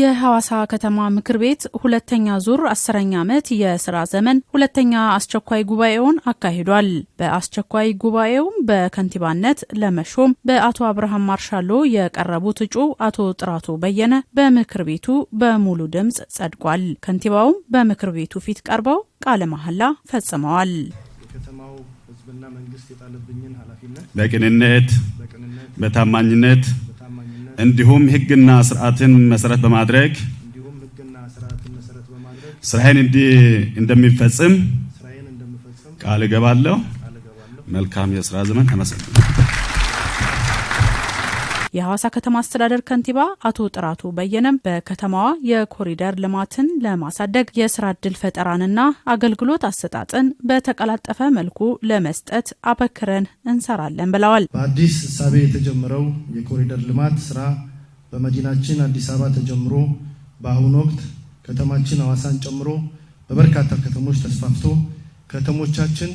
የሐዋሳ ከተማ ምክር ቤት ሁለተኛ ዙር አስረኛ ዓመት የስራ ዘመን ሁለተኛ አስቸኳይ ጉባኤውን አካሂዷል። በአስቸኳይ ጉባኤውም በከንቲባነት ለመሾም በአቶ አብርሃም ማርሻሎ የቀረቡት እጩ አቶ ጥራቱ በየነ በምክር ቤቱ በሙሉ ድምፅ ጸድቋል። ከንቲባውም በምክር ቤቱ ፊት ቀርበው ቃለ መሐላ ፈጽመዋል። የከተማው መንግስት የጣለብኝን ኃላፊነት በቅንነት በታማኝነት እንዲሁም ህግና ስርዓትን መሰረት በማድረግ ስራዬን እንደሚፈጽም ቃል እገባለሁ። መልካም የስራ ዘመን። አመሰግናለሁ። የሐዋሳ ከተማ አስተዳደር ከንቲባ አቶ ጥራቱ በየነም በከተማዋ የኮሪደር ልማትን ለማሳደግ የስራ እድል ፈጠራንና አገልግሎት አሰጣጥን በተቀላጠፈ መልኩ ለመስጠት አበክረን እንሰራለን ብለዋል። በአዲስ እሳቤ የተጀመረው የኮሪደር ልማት ስራ በመዲናችን አዲስ አበባ ተጀምሮ በአሁኑ ወቅት ከተማችን ሐዋሳን ጨምሮ በበርካታ ከተሞች ተስፋፍቶ ከተሞቻችን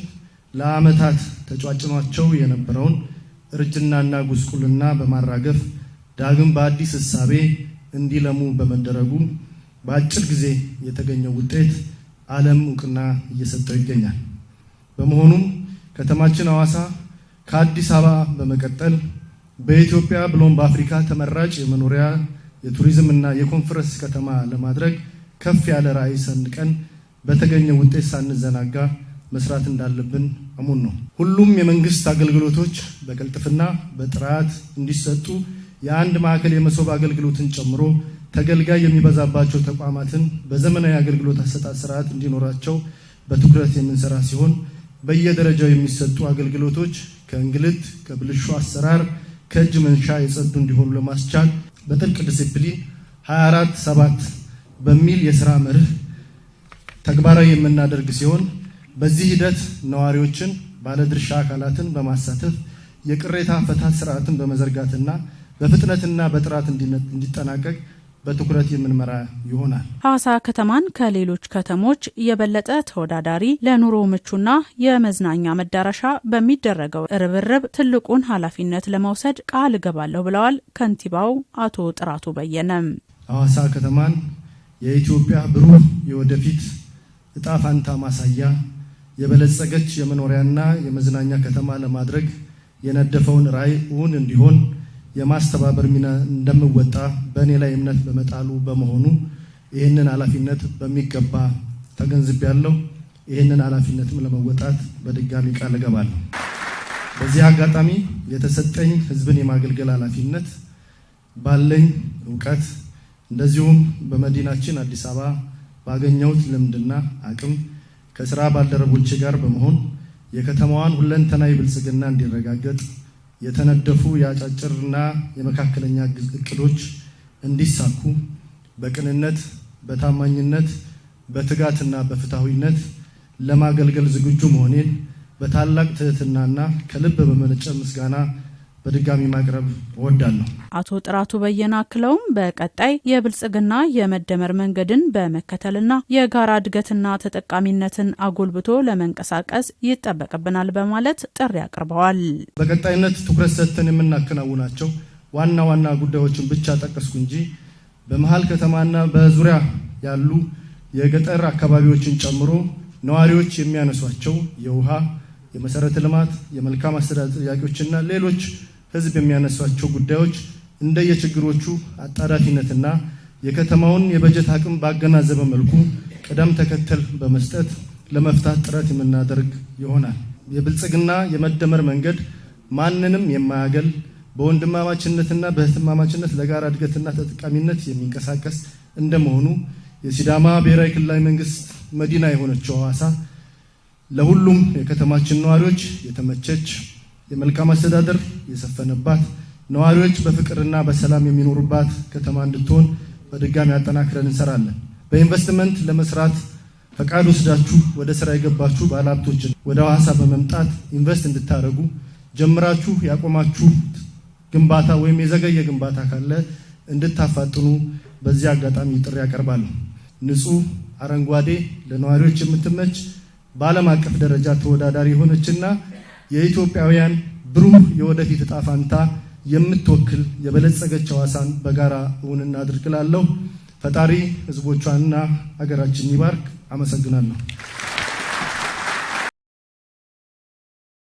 ለዓመታት ተጫጭኗቸው የነበረውን እርጅናና ጉስቁልና በማራገፍ ዳግም በአዲስ እሳቤ እንዲለሙ በመደረጉ በአጭር ጊዜ የተገኘው ውጤት ዓለም እውቅና እየሰጠው ይገኛል። በመሆኑም ከተማችን ሐዋሳ ከአዲስ አበባ በመቀጠል በኢትዮጵያ ብሎም በአፍሪካ ተመራጭ የመኖሪያ የቱሪዝም እና የኮንፈረንስ ከተማ ለማድረግ ከፍ ያለ ራዕይ ሰንቀን በተገኘ ውጤት ሳንዘናጋ መስራት እንዳለብን እሙን ነው። ሁሉም የመንግስት አገልግሎቶች በቅልጥፍና በጥራት እንዲሰጡ የአንድ ማዕከል የመሶብ አገልግሎትን ጨምሮ ተገልጋይ የሚበዛባቸው ተቋማትን በዘመናዊ አገልግሎት አሰጣጥ ስርዓት እንዲኖራቸው በትኩረት የምንሰራ ሲሆን በየደረጃው የሚሰጡ አገልግሎቶች ከእንግልት፣ ከብልሹ አሰራር፣ ከእጅ መንሻ የጸዱ እንዲሆኑ ለማስቻል በጥልቅ ዲሲፕሊን 24 ሰባት በሚል የስራ መርህ ተግባራዊ የምናደርግ ሲሆን በዚህ ሂደት ነዋሪዎችን፣ ባለድርሻ አካላትን በማሳተፍ የቅሬታ አፈታት ስርዓትን በመዘርጋትና በፍጥነትና በጥራት እንዲጠናቀቅ በትኩረት የምንመራ ይሆናል። ሐዋሳ ከተማን ከሌሎች ከተሞች የበለጠ ተወዳዳሪ፣ ለኑሮ ምቹና የመዝናኛ መዳረሻ በሚደረገው ርብርብ ትልቁን ኃላፊነት ለመውሰድ ቃል እገባለሁ ብለዋል ከንቲባው አቶ ጥራቱ በየነም። ሐዋሳ ከተማን የኢትዮጵያ ብሩህ የወደፊት እጣ ፋንታ ማሳያ የበለጸገች የመኖሪያና የመዝናኛ ከተማ ለማድረግ የነደፈውን ራዕይ እውን እንዲሆን የማስተባበር ሚና እንደምወጣ በእኔ ላይ እምነት በመጣሉ በመሆኑ ይህንን ኃላፊነት በሚገባ ተገንዝቤያለሁ። ይህንን ኃላፊነትም ለመወጣት በድጋሚ ቃል እገባለሁ። በዚህ አጋጣሚ የተሰጠኝ ሕዝብን የማገልገል ኃላፊነት ባለኝ እውቀት እንደዚሁም በመዲናችን አዲስ አበባ ባገኘሁት ልምድና አቅም ከስራ ባልደረቦች ጋር በመሆን የከተማዋን ሁለንተና ብልጽግና እንዲረጋገጥ የተነደፉ የአጫጭርና የመካከለኛ እቅዶች እንዲሳኩ በቅንነት፣ በታማኝነት፣ በትጋትና በፍትሐዊነት ለማገልገል ዝግጁ መሆኔን በታላቅ ትህትናና ከልብ በመነጨ ምስጋና በድጋሚ ማቅረብ እወዳለሁ። አቶ ጥራቱ በየነ አክለውም በቀጣይ የብልጽግና የመደመር መንገድን በመከተልና የጋራ እድገትና ተጠቃሚነትን አጎልብቶ ለመንቀሳቀስ ይጠበቅብናል በማለት ጥሪ አቅርበዋል። በቀጣይነት ትኩረት ሰጥተን የምናከናውናቸው ዋና ዋና ጉዳዮችን ብቻ ጠቀስኩ እንጂ በመሀል ከተማና በዙሪያ ያሉ የገጠር አካባቢዎችን ጨምሮ ነዋሪዎች የሚያነሷቸው የውሃ፣ የመሰረተ ልማት፣ የመልካም አስተዳደር ጥያቄዎችና ሌሎች ህዝብ የሚያነሷቸው ጉዳዮች እንደየችግሮቹ አጣዳፊነትና የከተማውን የበጀት አቅም ባገናዘበ መልኩ ቅደም ተከተል በመስጠት ለመፍታት ጥረት የምናደርግ ይሆናል። የብልጽግና የመደመር መንገድ ማንንም የማያገል በወንድማማችነትና በህትማማችነት ለጋራ እድገትና ተጠቃሚነት የሚንቀሳቀስ እንደመሆኑ የሲዳማ ብሔራዊ ክልላዊ መንግስት መዲና የሆነችው ሐዋሳ ለሁሉም የከተማችን ነዋሪዎች የተመቸች የመልካም አስተዳደር የሰፈነባት ነዋሪዎች በፍቅርና በሰላም የሚኖሩባት ከተማ እንድትሆን በድጋሚ አጠናክረን እንሰራለን። በኢንቨስትመንት ለመስራት ፈቃድ ወስዳችሁ ወደ ስራ የገባችሁ ባለሀብቶችን ወደ ሐዋሳ በመምጣት ኢንቨስት እንድታደርጉ ጀምራችሁ ያቆማችሁ ግንባታ ወይም የዘገየ ግንባታ ካለ እንድታፋጥኑ በዚህ አጋጣሚ ጥሪ ያቀርባሉ። ንጹህ አረንጓዴ፣ ለነዋሪዎች የምትመች በዓለም አቀፍ ደረጃ ተወዳዳሪ የሆነችና የኢትዮጵያውያን ብሩህ የወደፊት እጣ ፋንታ የምትወክል የበለጸገች ሐዋሳን በጋራ እውን እናድርግ እላለሁ። ፈጣሪ ህዝቦቿንና ሀገራችን ይባርክ። አመሰግናለሁ።